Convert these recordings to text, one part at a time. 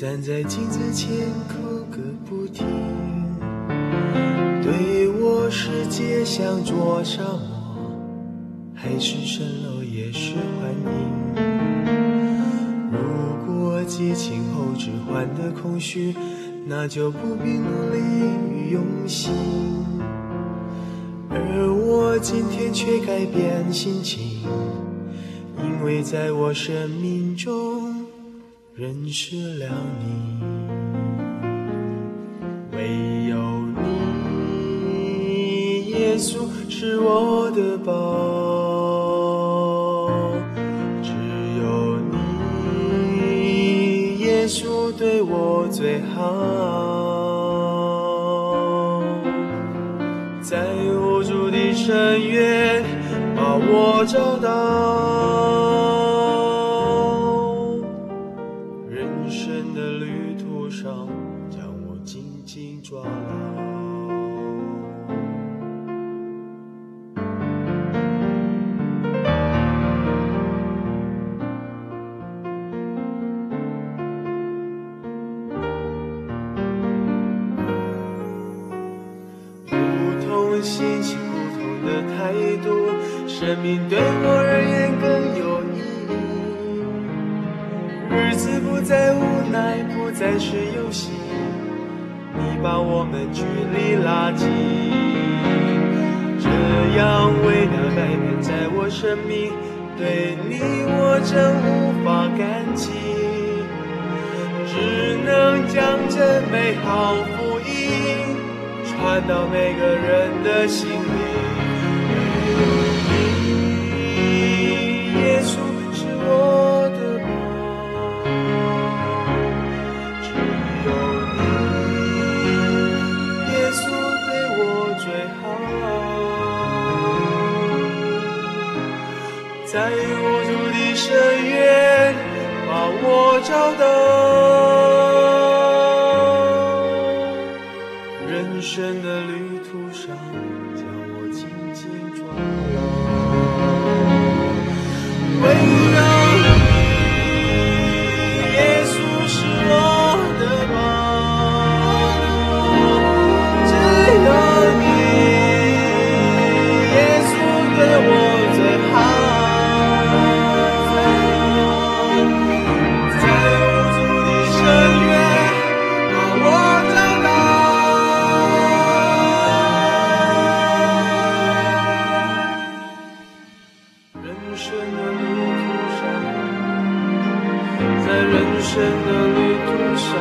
站在鏡子前哭個不停，對我世界像座沙漠，海市蜃樓也是幻影。如果激情後只換得空虛，那就不必努力與用心。而我今天卻改變心情，因為在我生命中，認識了你，唯有你，耶穌是我的寶，只有你，耶穌對我最好，在無助的深淵把我找到。將我緊緊抓牢。不同心情，不同的態度，生命對我而言更有意義。日子不再無奈，不再是遊戲，你把我們距離拉近。這樣偉大改變在我生命，對你我真無法感激，只能將這美好福音傳到每個人的心裡。在無助的深淵，把我找到。在人生的旅途上，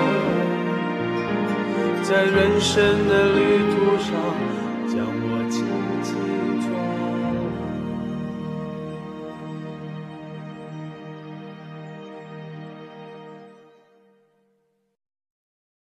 在人生的旅。